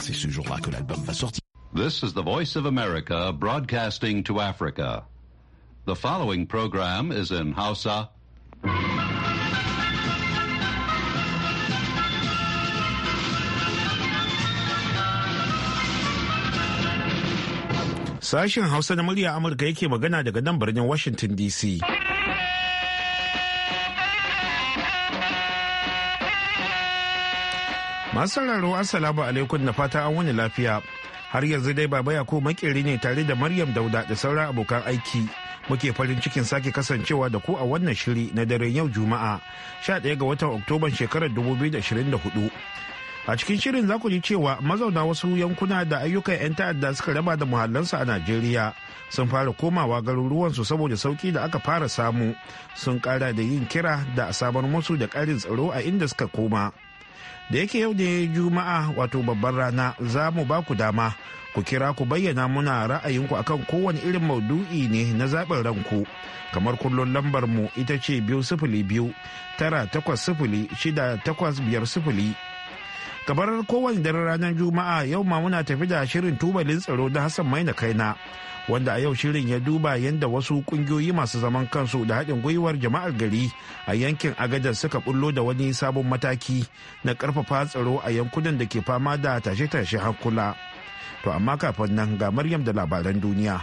c'est ce jour-là que l'album va sortir. This is the voice of America broadcasting to Africa. The following program is in Hausa. Sashen Hausa na murya Amurka yake magana daga nan birnin Washington DC. Masu sauraro Assalamu alaikum na fata an wani lafiya. Har yanzu dai Baba Yakubu makeri ne tare da Maryam Dauda da sauran abokan aiki. Muke farin cikin sake kasancewa da ku a wannan shiri na daren yau Juma'a 11 ga watan Oktoban shekarar 2024. A cikin shirin za ku ji cewa mazauna wasu yankuna da ayyukan 'yan ta'adda suka raba da muhallansu a Najeriya sun fara komawa garuruwansu saboda sauki da aka fara samu sun kara da yin kira da a sabon musu da karin tsaro a inda suka koma. da yake yau ne juma'a wato babbar rana za mu ba ku dama ku kira ku bayyana muna ra'ayinku akan kowane irin maudu'i ne na zaɓin ranku kamar kullum lambar mu ita ce biyu sifili biyu tara takwas sifili shida takwas biyar sifili kamar kowane daren ranar juma'a yau ma muna tafi da shirin tubalin tsaro da hassan maina kaina wanda a yau shirin ya duba yadda wasu kungiyoyi masu zaman kansu da haɗin gwiwar jama'ar gari a yankin agadar suka bullo da wani sabon mataki na ƙarfafa tsaro a yankunan da ke fama da tashe-tashe hankula to amma kafin nan ga maryam da labaran duniya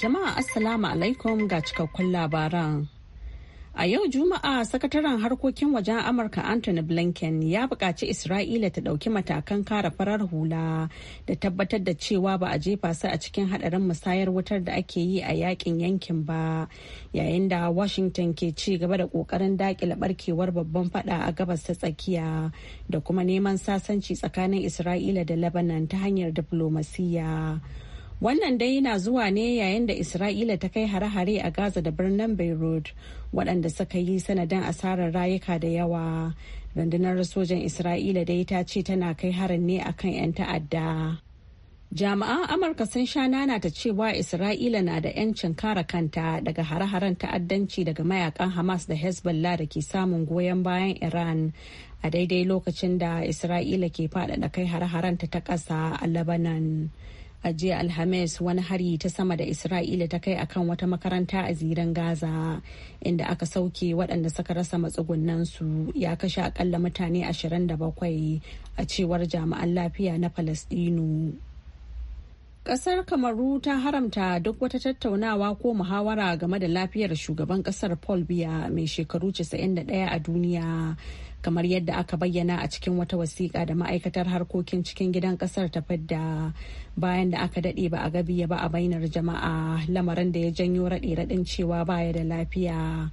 jama'a assalamu alaikum ga cikakkun labaran A yau Juma'a sakataren harkokin wajen Amurka Anthony Blinken ya buƙaci Isra'ila ta ɗauki matakan kare farar hula da tabbatar da cewa ba a jefa su a cikin haɗarin musayar wutar da ake yi a yakin yankin ba yayin da Washington ke ci gaba da ƙoƙarin daƙile barkewar babban faɗa a gabas ta tsakiya da kuma neman sasanci tsakanin Isra'ila da Lebanon ta hanyar diflomasiyya. Wannan dai yana zuwa ne yayin da Isra'ila ta kai hare-hare a Gaza da birnin Beirut waɗanda suka yi sanadin asarar rayuka da yawa. Rundunar sojan Isra'ila dai ta ce tana kai harin ne akan 'yan ta'adda. Jami'an Amurka sun sha nana ta cewa Isra'ila na da 'yancin kare kanta daga hare-haren ta'addanci daga mayakan Hamas da Hezbollah da ke samun goyon bayan Iran a daidai lokacin da Isra'ila ke faɗaɗa kai hare-harenta ta ƙasa a Lebanon. a jiya alhamis wani hari ta sama da isra'ila ta kai akan wata makaranta a ziran gaza inda aka sauke waɗanda suka rasa matsugunan su ya kashe akalla mutane 27 a cewar jami'an lafiya na falasɗinu. Ƙasar Kamaru ta haramta duk wata tattaunawa ko muhawara game da lafiyar shugaban ƙasar Paul Biya mai shekaru 91 a duniya. Kamar yadda aka bayyana a cikin wata wasiƙa da ma'aikatar harkokin cikin gidan ƙasar ta fadda bayan da aka daɗe ba a gabiya ba a bainar jama'a lamarin da ya janyo raɗe-raɗin cewa baya da lafiya.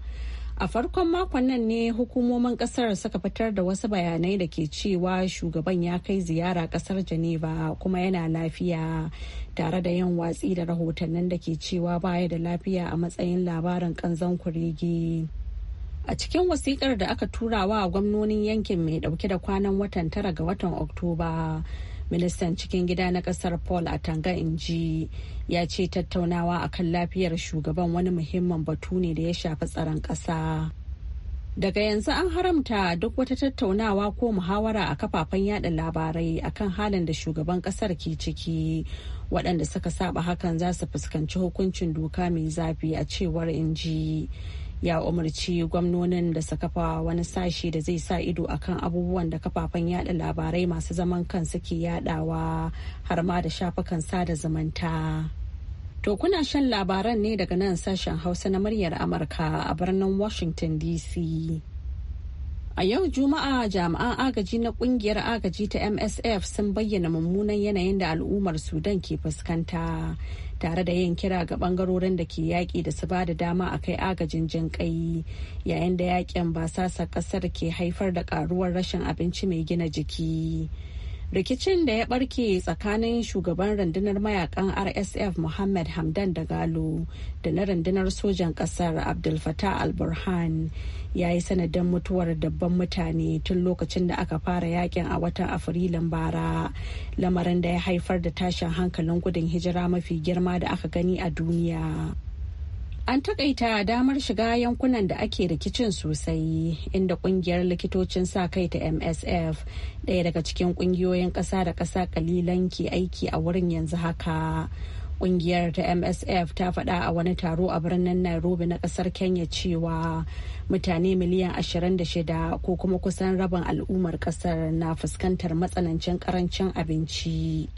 A farkon makon nan ne hukumomin kasar suka fitar da wasu bayanai da ke cewa shugaban ya kai ziyara kasar Geneva kuma yana lafiya tare da yin watsi da rahotannin da ke cewa baya da lafiya a matsayin labarin kanzon kurege. A cikin wasikar da aka turawa a gwamnonin yankin mai dauke da kwanan watan tara ga watan Oktoba. ministan cikin gida na kasar paul atanga ji. ya ce tattaunawa akan lafiyar shugaban wani muhimmin batu ne da ya shafi tsaron ƙasa. Daga yanzu an haramta duk wata tattaunawa ko muhawara a kafafen yada labarai akan halin da shugaban kasar ke ciki. Waɗanda suka saba hakan za su fuskanci hukuncin doka mai zafi a cewar inji. Ya umarci gwamnonin da su kafa wani sashi da zai sa ido akan abubuwan da kafafen yada labarai masu zaman kansu ke yadawa har ma da shafukan sada zumunta. To kuna shan labaran ne daga nan sashen Hausa na muryar Amurka a birnin Washington DC. A yau Juma'a jami'an agaji na kungiyar agaji ta MSF sun bayyana mummunan yanayin da al'ummar Sudan ke fuskanta tare da yin kira ga bangarorin da ke yaƙi da su ba da dama a kai agajin jin ƙai yayin da yaƙin basasa ƙasar ke haifar da ƙaruwar rashin abinci mai gina jiki. rikicin da ya barke tsakanin shugaban rundunar mayakan rsf muhammad hamdan da galo da na rundunar sojan kasar abdul fatah al-burhan ya yi sanadin mutuwar dabban mutane tun lokacin da aka fara yakin a watan afrilun bara lamarin da ya haifar da tashin hankalin gudun hijira mafi girma da aka gani a duniya An takaita damar shiga yankunan da ake rikicin sosai inda kungiyar likitocin sa kai ta MSF ɗaya daga cikin kungiyoyin ƙasa da ƙasa ƙalilan ke aiki a wurin yanzu haka. Kungiyar ta MSF ta faɗa a wani taro a birnin Nairobi na ƙasar Kenya cewa mutane miliyan 26 ko kuma kusan rabin al'ummar ƙasar na fuskantar matsanancin ƙarancin abinci.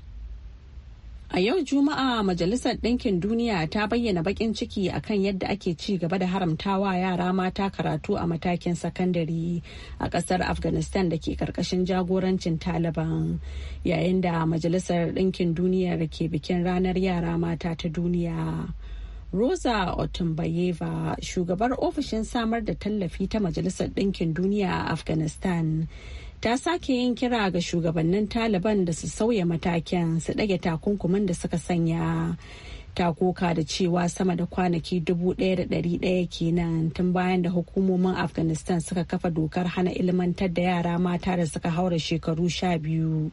A yau Juma'a Majalisar Ɗinkin Duniya ta bayyana baƙin ciki akan yadda ake ci gaba da haramtawa yara mata karatu a matakin sakandare a ƙasar Afghanistan da ke ƙarƙashin jagorancin Taliban. Yayin da Majalisar Ɗinkin Duniya ke bikin ranar yara mata ta duniya. Rosa otumbayeva shugabar ofishin samar da tallafi ta Majalisar Ɗinkin Duniya a Afghanistan, ta sake yin kira ga shugabannin taliban da su sauya matakin su ɗage takunkumin da suka sanya ta koka da cewa sama da kwanaki dubu ɗaya da ɗari ɗaya kenan tun bayan da hukumomin afghanistan suka kafa dokar hana ilmantar da yara mata da suka haura shekaru sha biyu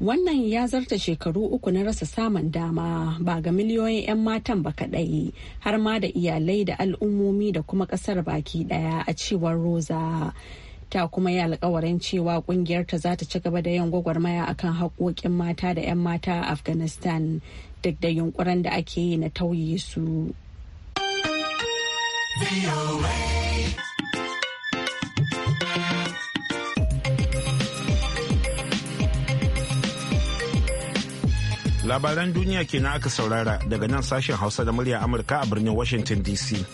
wannan ya zarta shekaru uku na rasa samun dama ba ga miliyoyin 'yan matan ba kaɗai har ma da iyalai da al'ummomi da kuma ƙasar baki ɗaya a cewar roza. ta kuma yi alkawarin cewa kungiyarta za ta ci gaba da yin gwagwarmaya akan haƙoƙin mata da 'yan mata a afghanistan duk da yunkurin da ake yi na tauye su labaran duniya kenan aka saurara daga nan sashen hausa da murya amurka a birnin washington dc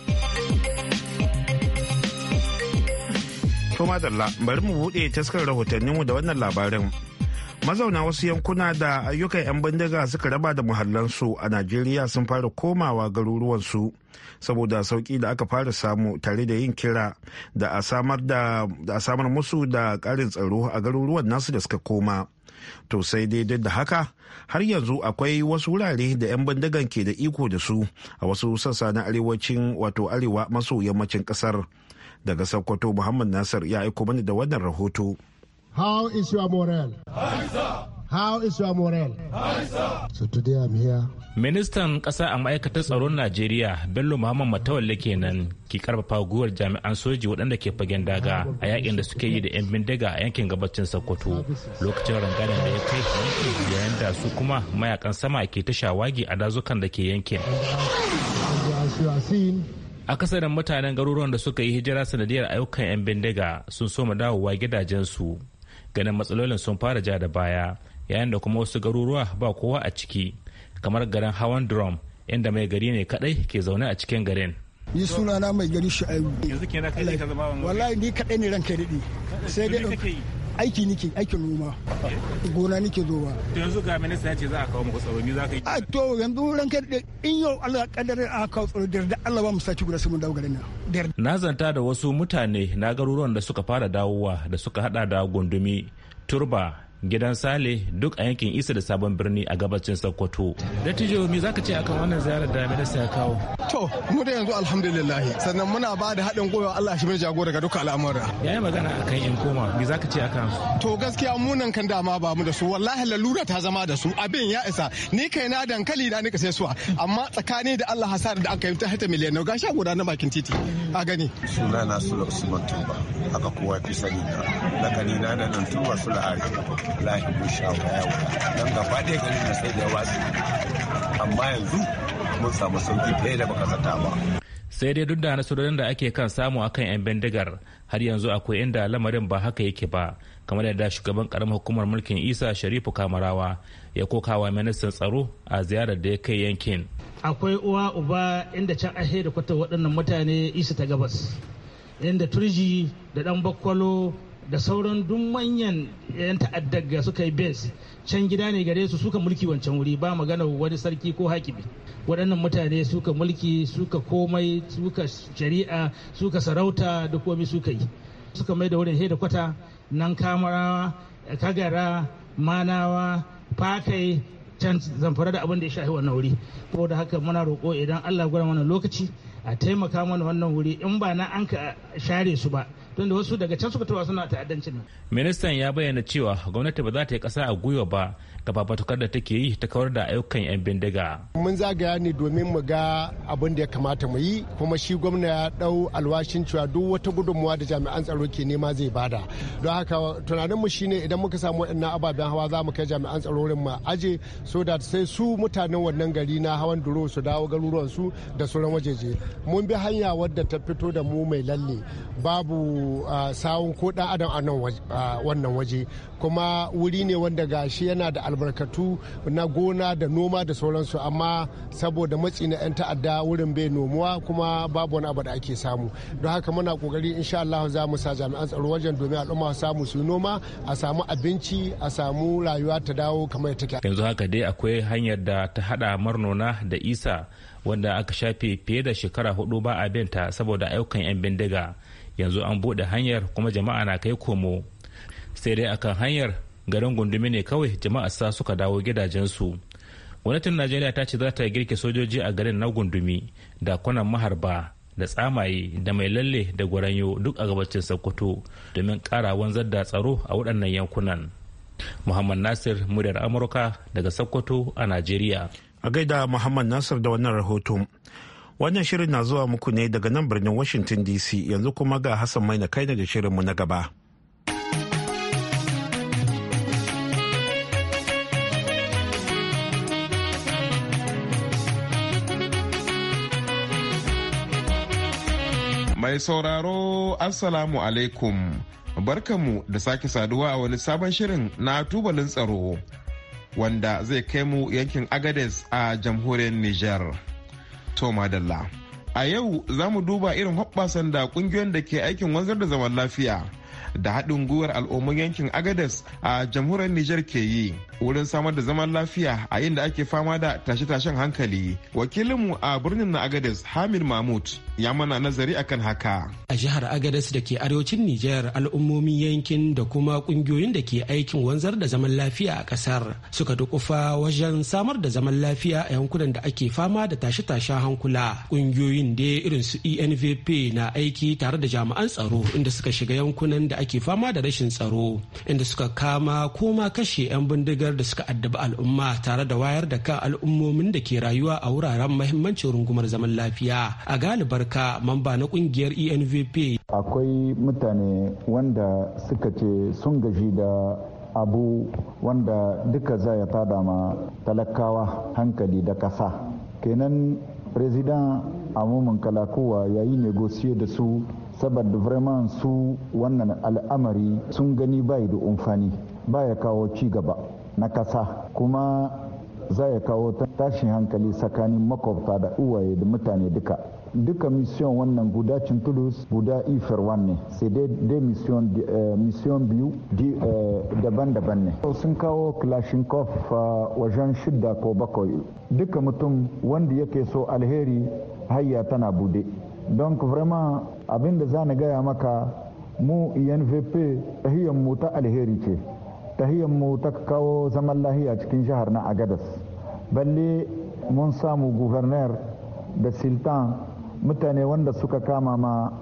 To madalla bari mu buɗe taskar rahotanninmu da wannan labarin. Mazauna wasu yankuna da ayyukan 'yan bindiga suka raba da muhallansu a Najeriya sun fara komawa garuruwansu saboda sauki da aka fara samu tare da yin kira da a samar musu da karin tsaro a garuruwan nasu da suka koma. to sai dai duk da haka har yanzu akwai wasu wurare da 'yan bindigan ke da iko da su a wasu sassa na arewacin wato arewa maso yammacin kasar Daga Sokoto Muhammad Nasir ya aiko mana da wannan rahoto. ministan ƙasa a ma'aikatar tsaron najeriya bello muhammad matawalle kenan ke karfafa guwar jami'an soji waɗanda ke fagen daga a yakin da suke yi da 'yan bindiga a yankin gabacin sokoto lokacin rangadin da ya kai yankin yayin da su kuma mayakan sama ke ta shawagi a dazukan da ke yankin akasarin mutanen garuruwan da suka yi hijira sanadiyar ayyukan 'yan bindiga sun soma dawowa gidajensu ganin matsalolin sun fara ja da baya yayin da kuma wasu garuruwa ba kowa a ciki kamar garin hawan drum inda mai gari ne kadai ke zaune a cikin garin ni sunana mai gari shu'aibu wallahi ni kadai ne ranka daɗi aiki nike aikin noma gona nike zo ba to yanzu ga minista yace ce za a kawo muku tsaro ni za ka yi to yanzu ran kai da in yau Allah kadar a kawo tsaro da yarda Allah ba mu saci guda sai mun dawo garin nan na zanta da wasu mutane na garuruwan da suka fara dawowa da suka hada da gundumi turba gidan sale duk a yankin isa da sabon birni a gabacin sokoto dattijo me zaka ce akan wannan ziyarar da minista ya kawo to mu da yanzu alhamdulillah sannan muna ba da haɗin gwiwa Allah shi mai jagora ga duka al'amura yayi magana akan in koma me zaka ce akan to gaskiya mu nan kan dama ba mu da su wallahi lalura ta zama da su abin ya isa ni kai na dankali na nika sai suwa amma tsakani da Allah hasar da aka yi ta hata miliyan ga sha guda na bakin titi a gani sunana sula usman tuba haka kowa fi sani na lakani na nan tuba sula ari lahi musha sha yawa don gaba ɗaya ganin na sai da watsi amma yanzu mun samu sauki fiye da baka zata ba sai dai duk da nasarorin da ake kan samu akan 'yan bindigar har yanzu akwai inda lamarin ba haka yake ba kamar yadda shugaban karamar hukumar mulkin isa sharifu kamarawa ya kokawa ministan tsaro a ziyarar da ya kai yankin akwai uwa uba inda can ahe da kwata waɗannan mutane isa ta gabas inda turji da ɗan bakwalo da sauran duk manyan 'yan ta'addar ga suka yi base can gida ne gare su suka mulki wancan wuri ba magana wani sarki ko hakimi waɗannan mutane suka mulki suka komai suka shari'a suka sarauta da komai suka yi suka mai da wurin da kwata nan kamarawa kagara manawa fakai can zamfara da abin da ya shafi wannan wuri ko da haka muna roƙo idan allah gwada mana lokaci a taimaka mana wannan wuri in ba na an ka share su ba tunda wasu daga can suka tura suna ta'addancin nan. Ministan ya bayyana cewa gwamnati ba za ta yi ƙasa a gwiwa ba ga da take yi ta kawar da ayyukan 'yan bindiga. Mun zagaya ne domin mu ga abin da ya kamata mu yi kuma shi gwamna ya dau alwashin cewa duk wata gudunmuwa da jami'an tsaro ke nema zai bada. Don haka tunanin mu shine idan muka samu wadannan ababen hawa za mu kai jami'an tsaro mu aje so da sai su mutanen wannan gari na hawan duro su dawo garuruwan su da sauran wajeje. Mun bi hanya wadda ta fito da mu mai lalle babu sawun ko ɗan adam a nan wannan waje kuma wuri ne wanda gashi yana da albarkatu na gona da noma da sauransu amma saboda matsi na 'yan ta'adda wurin bai nomuwa kuma babu wani abu da ake samu don haka muna kokari insha Allah za mu sa jami'an tsaro wajen domin al'umma samu su noma a samu abinci a samu rayuwa ta dawo kamar take yanzu haka dai akwai hanyar da ta hada marnona da isa wanda aka shafe fiye da shekara hudu ba a binta saboda ayyukan 'yan bindiga yanzu an buɗe hanyar kuma jama'a na kai komo sai dai akan hanyar garin gundumi ne kawai jama'a sa suka dawo gidajensu gwamnatin najeriya ta ce za ta girke sojoji a garin na gundumi da kwanan maharba da tsamaye da mai lalle da gwaranyo duk a gabacin sokoto domin kara wanzar da tsaro a waɗannan yankunan muhammad nasir muryar amurka daga sokoto a najeriya a gaida muhammad nasir da wannan rahoto wannan shirin na zuwa muku ne daga nan birnin washington dc yanzu kuma ga hassan mai na kai daga shirinmu na gaba Mai sauraro Assalamu alaikum. Barkanmu da sake saduwa a wani sabon shirin na tubalin tsaro wanda zai kai mu yankin Agades a jamhuriyar Niger. to madalla A yau za mu duba irin hoɓɓasan da ƙungiyoyin da ke aikin wanzar da zaman lafiya. da haɗin gwiwar al'ummar yankin agadas a jamhuriyar Nijar ke yi wurin samar da zaman lafiya a yin da ake fama da tashe-tashen hankali wakilinmu a birnin na agadas hamid mahmud ya mana nazari akan haka a jihar agadas da ke arewacin Nijar al'ummomin yankin da kuma ƙungiyoyin da ke aikin wanzar da zaman lafiya a ƙasar suka dukufa wajen samar da zaman lafiya a yankunan da ake fama da tashe-tashen hankula ƙungiyoyin da irin su envp na aiki tare da jami'an tsaro inda suka shiga yankunan da ake fama da rashin tsaro inda suka kama koma kashe 'yan bindigar da suka addabi al'umma tare da wayar da kan al'ummomin da ke rayuwa a wuraren mahimmancin rungumar zaman lafiya a galibarka ka mamba na kungiyar envp akwai mutane wanda suka ce sun gaji da abu wanda duka za ya tada ma talakawa hankali da kasa kenan president amumin kalakuwa yayi negosiye da su saboda vraiment su wannan al'amari sun gani bai da umfani baya kawo ci gaba na kasa kuma za ya kawo tashin hankali tsakanin makwabta da uwaye da mutane duka duka mission wannan guda cintulus guda ifar wanne sai dai eh, mission biyu daban-daban eh, ne sun kawo fa eh, wajen shidda ko bakwai duka mutum wanda yake so alheri hayya tana bude don vraiment abinda za na gaya maka mu unvp e tahiyar mu ta alheri ce tahiyar mu ta kawo zaman lahiya cikin jihar na agadas balle mun samu guverner da siltan mutane wanda suka kama ma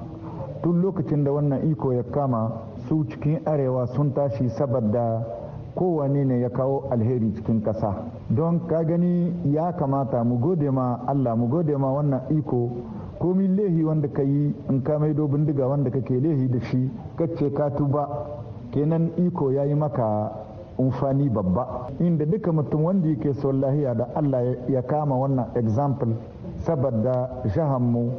tun lokacin da wannan iko ya kama su cikin arewa sun tashi saboda kowane ne ya kawo alheri cikin ƙasa don ka gani ya kamata mu gode ma allah mu gode ma wannan iko komi lehi wanda ka yi in ka maido bindiga wanda kake lehi da shi kace ka tuba kenan iko ya yi maka umfani babba inda duka mutum wanda yake son lahiya da allah ya kama wannan example saboda mu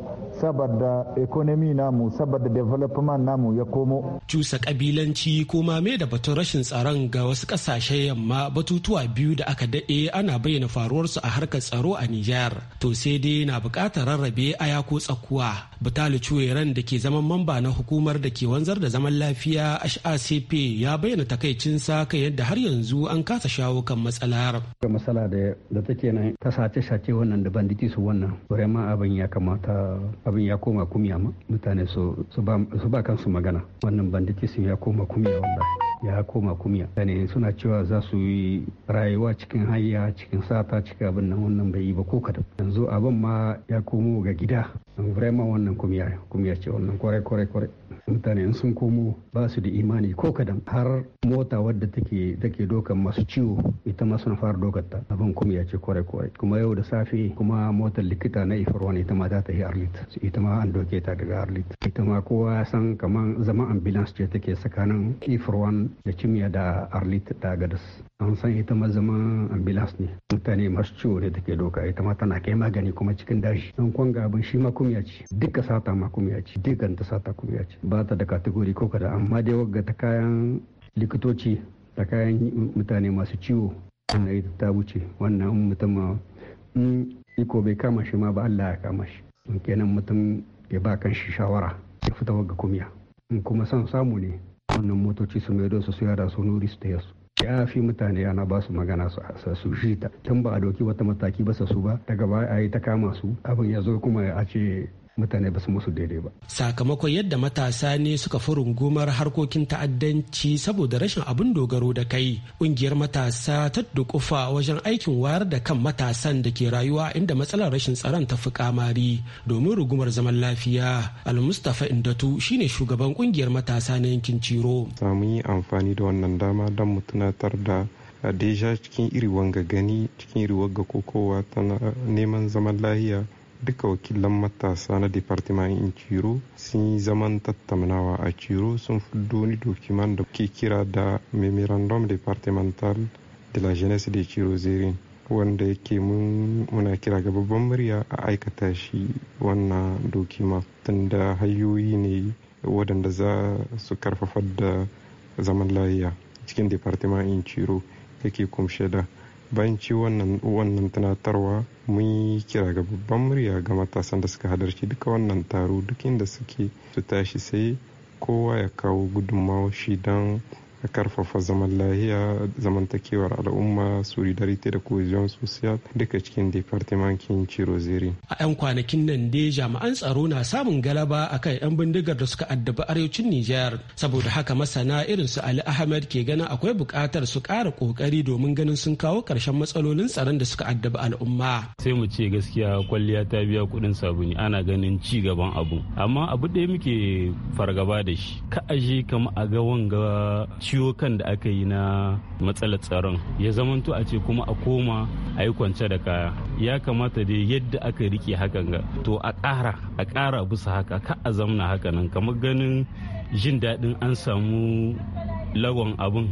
saboda economy namu saboda development namu ya komo. Cusa kabilanci ko me da batun rashin tsaron ga wasu kasashe yamma batutuwa biyu da aka daɗe ana bayyana faruwarsu a harkar tsaro a Nijar. To sai dai na buƙatar rarrabe aya ko tsakuwa. Butali Cuyeran da ke zaman mamba na hukumar da ke wanzar da zaman lafiya HACP ya bayyana takaicin sa kan yadda har yanzu an kasa shawo kan matsalar. Matsala da take nan ta sace-sace wannan da banditi su wannan. Vraiment abin ya kamata abin ya koma kumiya mutane su ba kansu magana wannan banditism ya koma kumiya wanda ya koma kumya ne suna cewa za su yi rayuwa cikin hanya cikin sata cikin abin nan wannan bai yi ba ko kadan yanzu abin ma ya komo ga gida vrema wannan kumiya kumiya ce wannan kwarai kwarai kwarai mutane sun komo ba su da imani ko kadan har mota wadda take take dokan masu ciwo ita ma suna fara dokar ta abin kumiya ce kwarai kwarai kuma yau da safe kuma motar likita na ifirwan ita ma za ta yi arlit ita ma an doke ta daga arlit ita ma kowa ya san kaman zama ambulance ce take tsakanin ifirwan da kimiyya da arlit da gadas an san ita ma zama ambilas ne mutane masu ciwo ne take doka ita ma tana kai magani kuma cikin dashi An kwanga abin shi ma kumiya ce duka sata ma kumiya ce duka ta sata kumiya ce ba ta da kategori ko kada amma dai wagga ta kayan likitoci ta kayan mutane masu ciwo wannan ita ta wuce wannan mutum in iko bai kama shi ma ba Allah ya kama shi kenan mutum ya ba kan shi shawara ya fita wagga kumya in kuma san samu ne wannan motoci su maido su su da su nuri su taya su ya fi mutane ana ba su magana su su shi ta tun ba a doki wata mataki ba su ba daga ba a yi ta kama su abin ya zo kuma a ce mutane ba su musu daidai ba. Sakamakon yadda matasa ne suka fi rungumar harkokin ta'addanci saboda rashin abin dogaro da kai. ƙungiyar matasa ta dukufa wajen aikin wayar da kan matasan da ke rayuwa inda matsalar rashin tsaron ta fi kamari domin rugumar zaman lafiya. Al-Mustapha Indatu shine shugaban ƙungiyar matasa na yankin Ciro. Samu yi amfani da wannan dama don mu tunatar da deja cikin iri wanga gani cikin iri wanga kokowa tana neman zaman lahiya duka wakilan matasa na in ciro sun yi zaman tattaunawa a ciro sun fuddo wani dokiman da ke kira da memorandum departmental de la jeunesse de ciro zerin wanda yake muna kira ga babban murya a aikata shi wannan dokima tunda hanyoyi ne wadanda za su karfafa da zaman lafiya cikin in ciro yake kumshe da banci ci wannan wannan tunatarwa mun yi kira ga babban murya ga matasan da suka hadarci duka wannan taro duk inda suke su tashi sai kowa ya kawo gudunmawar shi don a karfafa zaman lahiya zamantakewar al'umma solidarity da cohesion social duka cikin departimentin cirozeri a 'yan kwanakin nan dai jami'an tsaro na samun galaba akan 'yan bindigar da suka addabi arewacin nijar saboda haka masana irin su ali ahmed ke ganin akwai buƙatar su ƙara kokari domin ganin sun kawo karshen matsalolin tsaron da suka addabi al'umma sai mu ce gaskiya kwalliya ta biya kuɗin sabuni ana ganin ci gaban abu amma abu ɗaya muke fargaba da shi ka aje kama a ga wanga ciwo kan da aka yi na matsalar tsaron ya zamanto a ce kuma a koma a yi kwance da kaya ya kamata dai yadda aka rike hakan ga to a ƙara a ƙara bisa haka ka a zamna haka nan kamar ganin jin daɗin an samu lagon abin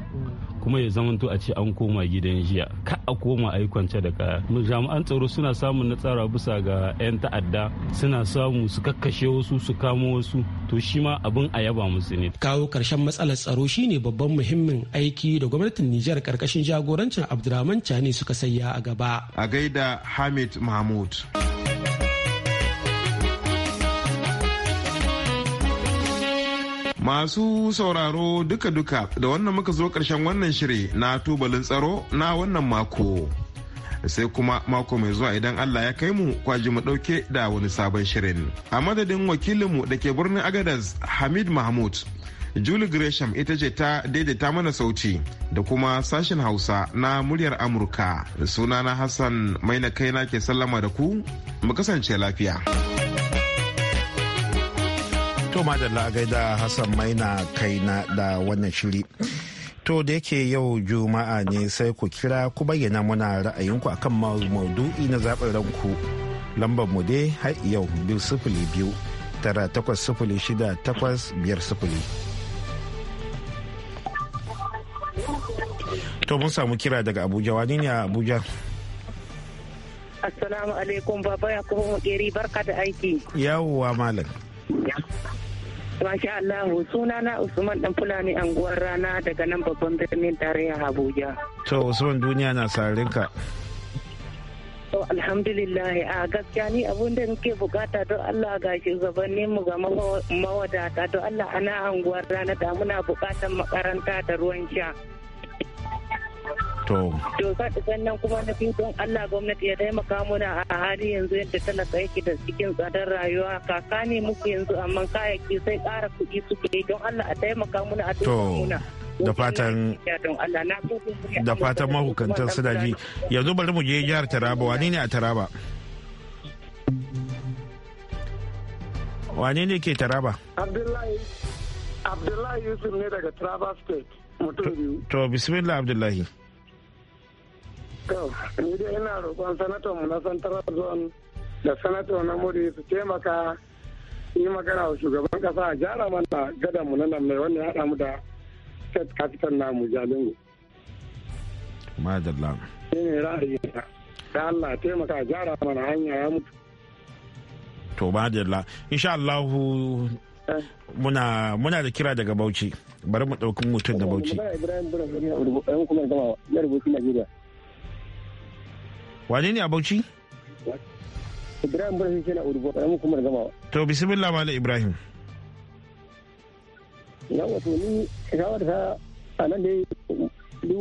kuma ya zamanto a ce an koma gidan jiya ka a koma a yi kwance da kaya jami'an tsaro suna samun natsara bisa ga 'yan ta'adda suna samu su kakkashe wasu su kamo wasu to shi ma abin a yaba musu ne kawo karshen matsalar tsaro shine babban muhimmin aiki da gwamnatin nijar karkashin jagorancin abdurrahman chani suka sayya a gaba a gaida hamid mahmud Masu sauraro duka-duka da wannan muka zo ƙarshen wannan shiri na tubalin tsaro na wannan mako. Sai kuma mako mai zuwa idan Allah ya kai mu kwaji mu ɗauke da wani sabon shirin. A madadin wakilinmu da ke birnin agadas Hamid Mahmud. Julie Gresham ita ce ta daidaita mana sauti da kuma sashen Hausa na muryar Amurka. Sunana Hassan mai na kaina ke sallama da ku, mu kasance lafiya. To madalla gaida Hassan Maina kaina da wannan shiri. To da yake yau Juma'a ne sai ku kira ku bayyana muna ra'ayinku akan maudu'i na zaɓin ranku. Lambar mu dai har yau biyu sifili biyu tara takwas sifili shida takwas biyar sifili. To mun samu kira daga Abuja wani ne a Abuja? Assalamu alaikum baba ya kuma barka da aiki. yawowa malam. Masha Allah suna na Usman ɗan Fulani anguwar rana daga nan babban birnin tarayya Abuja. To Usman duniya na sarin ka. To alhamdulillah a gaskiya ni abun da nake bukata don Allah ga shugabannin mu ga mawadata don Allah ana anguwar rana da muna bukatan makaranta da ruwan sha. To. To sannan kuma na biyu don Allah gwamnati ya taimaka muna a hali yanzu yadda talaka yake da cikin tsadar rayuwa kaka ne muku yanzu amma kayayyaki sai ƙara kuɗi suke don Allah a taimaka muna a taimaka da fatan da fatan mahukantan su daji yanzu bari mu je jihar Taraba wani ne a Taraba wani ne ke Taraba Abdullahi Abdullahi Yusuf ne daga Taraba State to bismillah Abdullahi ni dai ina roƙon mu na Central Zone da sanatar na Muri su taimaka yi magana wa shugaban kasa a gyara mana gadan mu na nan mai wanda ya haɗa mu da set capital namu Jalingo. Madalla. Shi ne ra'ayi ta Allah taimaka a gyara mana hanya ya mutu. To madalla. Insha Allahu eh. muna muna da kira daga Bauchi. Bari mu ɗauki mutum da Bauchi. wane ne a bauchi ibrahim barshi ke na urgo ƙaramin kuma gama to bisimila malam ibrahim na wato ni shawar ta a nan dai du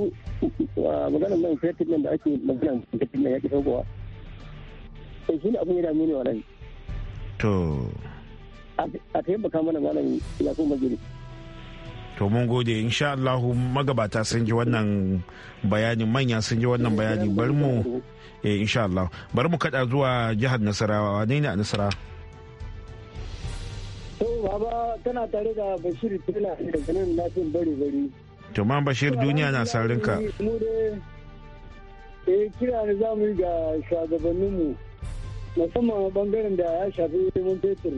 maganar nan fetin nan da ake magana fetin nan ya ki saukowa sai shi ne abin yana mini wa nan to a taimaka mana malam ya kuma gini to mun gode insha Allah magabata sun ji wannan bayanin manya sun ji wannan bayani bari mu eh insha Allah bari mu kada zuwa jihar Nasarawa ne ne a Nasara to baba kana tare da Bashir Tela daga ganin lafiyan bari bari to ma Bashir duniya na sarin ka eh kira ne zamu yi ga shugabanninmu musamman bangaren da ya shafi mun fetur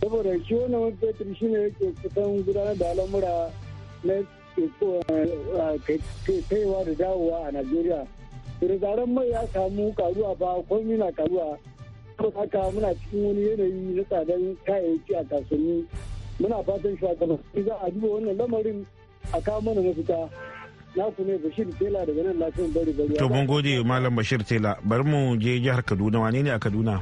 saboda shi wannan man shi ne yake kusan gudanar da al'amura na eh, ah, kaiwa da dawowa a najeriya da zaren mai ya samu karuwa ba komi na karuwa ko haka muna cikin wani yanayi na tsadar kayayyaki a kasuwanni muna fatan a shugabanni za a duba wannan lamarin a kawo mana mafita naku ne bashir tela daga nan lafiyan bari bari to mun gode malam bashir tela bari mu je jihar kaduna wane ne a kaduna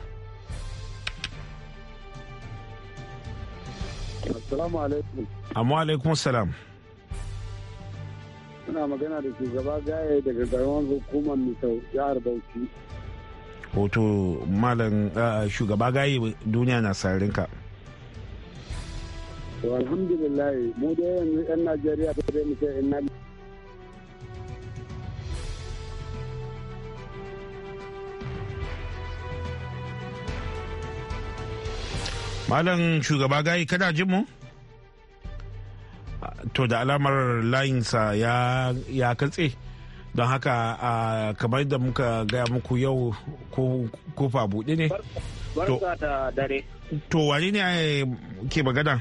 Assalamu alaikum. Amma alaikum salam. Ina magana da shugaba gaya daga garin hukumar Misau jihar Bauchi. Hoto malam shugaba gaya duniya na sararin ka. To alhamdulillah mu da yanzu 'yan Najeriya ta zai dai muke inna Malam shugaba gayi kada jin mu? to da alamar layinsa ya katse don haka kamar da muka gaya muku yau kofa buɗe ne to wani ne eh, ke magana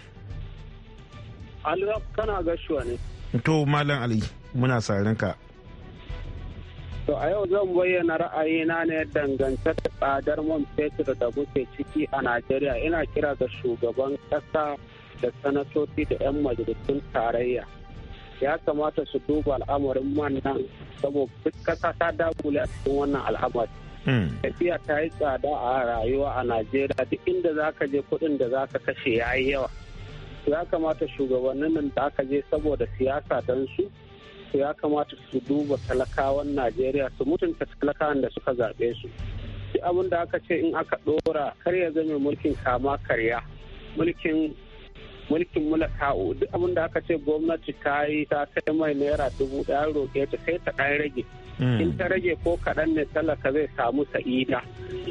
kana gashuwa ne to malam ali muna sarin ka To a yau zan bayyana ra'ayina ne dangance da tsadar man fetur da muke ciki a Najeriya ina kira ga shugaban ƙasa da sanatoci da 'yan majalisun tarayya ya kamata su duba al'amarin man nan saboda duk kasa ta dagule a cikin wannan al'amari hmm. tafiya ta yi tsada a rayuwa a najeriya duk inda za ka je kuɗin da za ka kashe ya yi yawa ya kamata shugabannin da aka je saboda siyasa don su ya kamata su duba talakawan najeriya su mutunta talakawan da suka zaɓe su abin da aka ce in aka ɗora kar ya zame mulkin kama karya mulkin mulkin mulka'u duk abin da aka ce gwamnati ta yi ta kai mai naira dubu ɗaya roƙe ta sai ta ɗan rage hmm. in ta rage ko kaɗan ne talaka zai samu sa'ida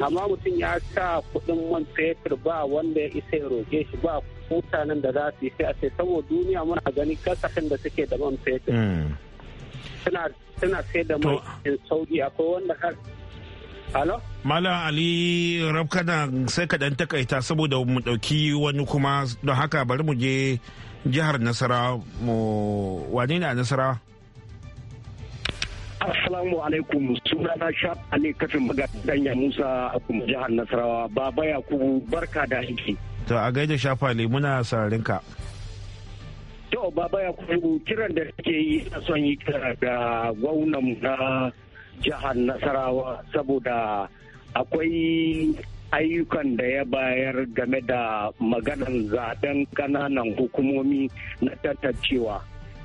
amma mutum ya sa kuɗin man fetur ba wanda ya isa ya roƙe shi ba mutanen da za su yi sai a ce saboda duniya muna gani kasashen da suke da man fetur hmm. suna sai da mai sauki akwai wanda har Malam Ali Rabkana sai ka dan takaita saboda mu ɗauki wani kuma don haka bari mu je jihar Nasara mu wani ne a Nasara? Assalamu alaikum sunana Shaf Ali kafin magadanya Musa a kuma jihar Nasarawa baba Yakubu barka da aiki. To a gaida Shaf Ali muna sararin ka. To baba Yakubu kiran da kake yi ina son yi kira da gwamnan na jihar nasarawa saboda akwai ayyukan da ya bayar game da maganan zaben kananan hukumomi na tattacewa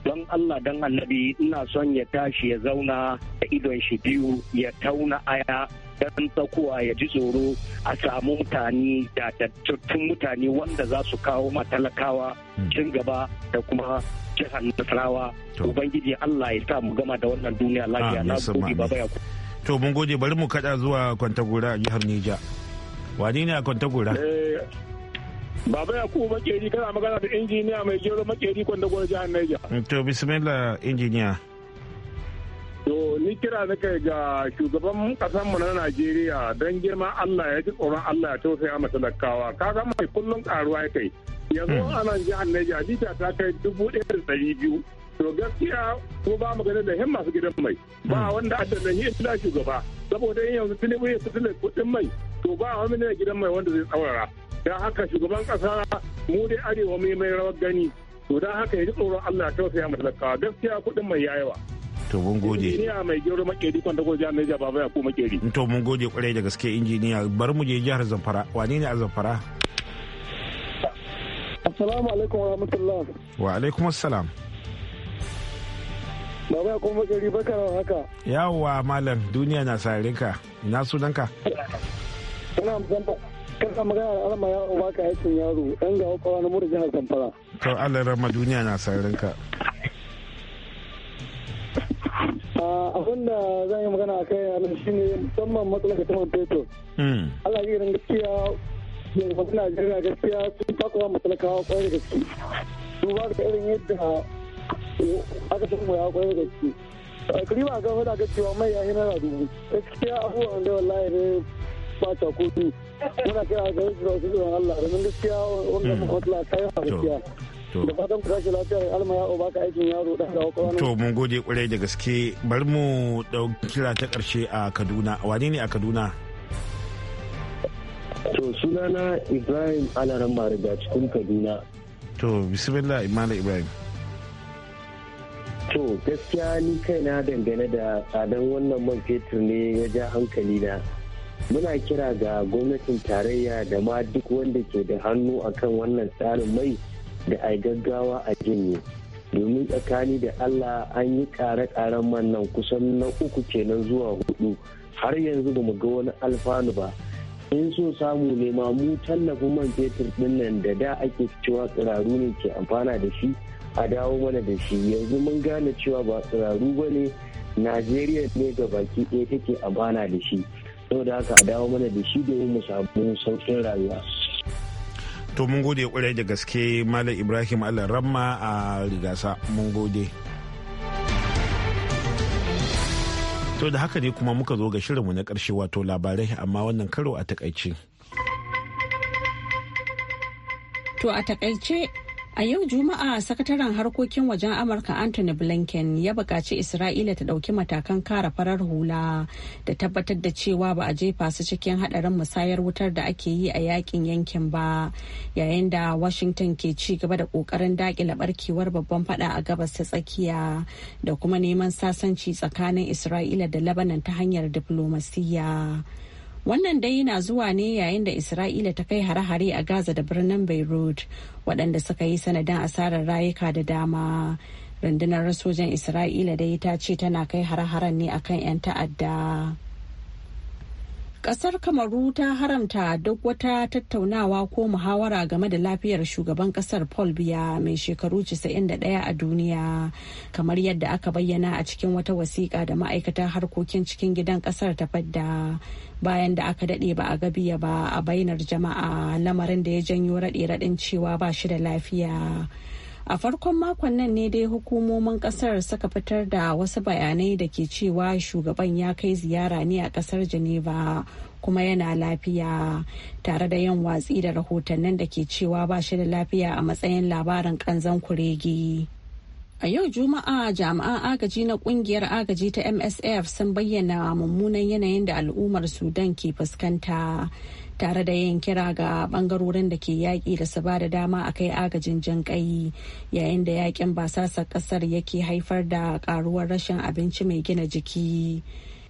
don Allah don annabi ina son ya tashi ya zauna da idon shi biyu ya tauna aya dan tsakuwa ya ji tsoro a samu mutane da dattattun mutane wanda za su kawo matalakawa hmm. cin gaba da kuma jihar nasarawa ubangiji allah ya sa mu gama da wannan duniya lafiya na gode baba ya to mun gode bari mu kada zuwa kwantagora a jihar nija wani ne a kwantagora eh, Baba ya kuma makeri kana magana da injiniya mai gero makeri kwantagora jihar Niger. To bismillah injiniya. To ni kira na kai ga shugaban mu na Najeriya don girma Allah ya ji tsoron Allah ya tausaya masa talakawa. Ka ga mai kullum karuwa ya kai. Yanzu hmm. ana jihar Niger lita ta kai dubu ɗaya da ɗari biyu. To gaskiya ko ba mu ganin da hin masu gidan mai. Ba hmm. wanda adana ni illa shugaba. Saboda yin yanzu tuni ya fitilar kuɗin mai. To ba wani ne gidan mai wanda zai tsaurara. Don haka shugaban ƙasa mu dai arewa mai mai rawar gani. To don haka ya ji tsoron Allah ya tausaya masa talakawa. Gaskiya kuɗin mai yayawa yawa. to mun gode injiniya mai gero makeri kwanda ko jihar jaba baba ko makeri to mun gode kwarai da gaske injiniya bari mu je jihar Zamfara wane ne a Zamfara Assalamu alaikum wa rahmatullah wa alaikum assalam Baba ko makeri baka haka yawwa malam duniya na sare ka ina ka? ina musamman kasa magana da alama yaro baka aikin yaro Ɗan ga hukawa na mu jihar Zamfara to Allah rama duniya na sare ka abin da zan yi magana a kai yanzu shi ne musamman matsalar ta man fetur hmm. Allah ya gaskiya ne masu Najeriya gaskiya sun takura matalakawa kwarai da gaske su ba ka irin yadda aka samu ya kwayar da gaske riba ga fada gaskiya cewa mai ya hina dubu gaskiya abubuwan da wallahi ne ba ta kudu muna kira ga wasu zuwa Allah domin gaskiya wannan hmm. matsala ta yi gaskiya da fatan ku tashi lafiya alma ya oba ka aikin yaro da da to mun gode kurai da gaske bari mu ɗauki kira ta karshe a Kaduna wane ne a Kaduna to sunana Ibrahim Alaran Mariga cikin Kaduna to bismillah imanin Ibrahim to gaskiya ni kaina dangane da tsadan wannan man fetur ne ya ja hankali na muna kira ga gwamnatin tarayya da ma duk wanda ke da hannu akan wannan tsarin mai da a gaggawa a janye domin tsakani da allah an yi kare-karen man kusan na uku kenan zuwa hudu har yanzu ba mu ga wani alfanu ba in so samu ne ma mu tallafi man fetur din nan da da ake cewa tsiraru ne ke amfana da shi a dawo mana da shi yanzu mun gane cewa ba tsiraru ba ne najeriya ne ga baki ɗaya take amfana da shi saboda haka a dawo mana da shi domin mu samu sauƙin rayuwa to mun gode kwarai da gaske malam ibrahim allah ramma a rigasa mun gode to da haka ne kuma muka zo ga shirinmu na karshe wato labarai amma wannan karo a takaice to a takaice A yau Juma'a sakataren harkokin wajen Amurka Anthony Blinken ya buƙaci Isra'ila ta ɗauki matakan kara farar hula da tabbatar da cewa ba a jefa su cikin haɗarin musayar wutar da ake yi a yakin yankin ba yayin da Washington ke ci gaba da ƙoƙarin daƙile barkewar babban fada a gabas ta tsakiya da kuma neman sasanci tsakanin Isra'ila da Lebanon ta hanyar diflomasiyya. Wannan dai yana zuwa ne yayin da Isra'ila ta kai hare-hare a Gaza da birnin Beirut waɗanda suka yi sanadin asarar rayuka da dama. Rundunar sojan Isra'ila dai ta ce tana kai hare-haren ne akan 'yan ta'adda. Kasar Kamaru ta haramta duk wata tattaunawa ko muhawara game da lafiyar shugaban kasar Paul Biya mai shekaru 91 a duniya, kamar yadda aka bayyana a cikin wata wasiƙa da ma'aikatar harkokin cikin gidan kasar ta fadda bayan da aka daɗe ba a gabiya ba a bainar jama'a lamarin da ya janyo raɗe-raɗin cewa ba shi da lafiya. A farkon makon nan ne dai hukumomin kasar suka fitar da wasu bayanai da ke cewa shugaban ya kai ziyara ne a kasar Geneva kuma yana lafiya tare da yin watsi da rahotannin da ke cewa ba shi da lafiya a matsayin labarin kanzan kuregi. A yau Juma'a jami'an agaji na kungiyar agaji ta MSF sun bayyana mummunan yanayin da al'ummar Sudan ke fuskanta tare da yin kira ga bangarorin da ke yaƙi da su ba da dama a kai agajin jan yayin da yaƙin basasar ƙasar yake haifar da ƙaruwar rashin abinci mai gina jiki.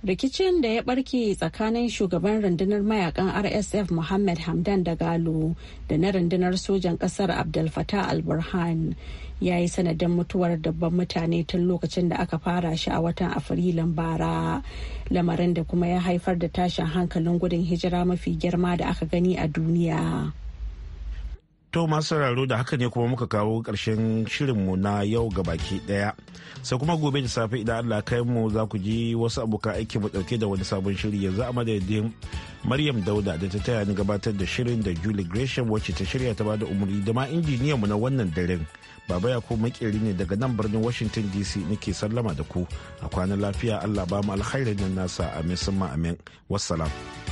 rikicin da ya barke tsakanin shugaban rundunar mayakan rsf muhammad hamdan da galo da na rundunar sojan kasar abdul fatah al-burhan ya yi sanadin mutuwar dabban mutane tun lokacin da aka fara shi a watan afrilun bara lamarin da kuma ya haifar da tashin hankalin gudun hijira mafi girma da aka gani a duniya To masu sauraro da haka ne kuma muka kawo ƙarshen shirinmu na yau ga baki ɗaya. Sai kuma gobe da safe idan Allah kai mu za ku ji wasu abokan aiki mu ɗauke da wani sabon shiri yanzu a madadin Maryam Dauda da ta taya ni gabatar da shirin da Julie Gresham wacce ta shirya ta bada umarni da ma injiniyan mu na wannan daren. Baba ya ko makeri ne daga nan birnin Washington DC nake sallama da ku. A kwanan lafiya Allah ba mu alkhairin nasa amin ma amin. Wassalam.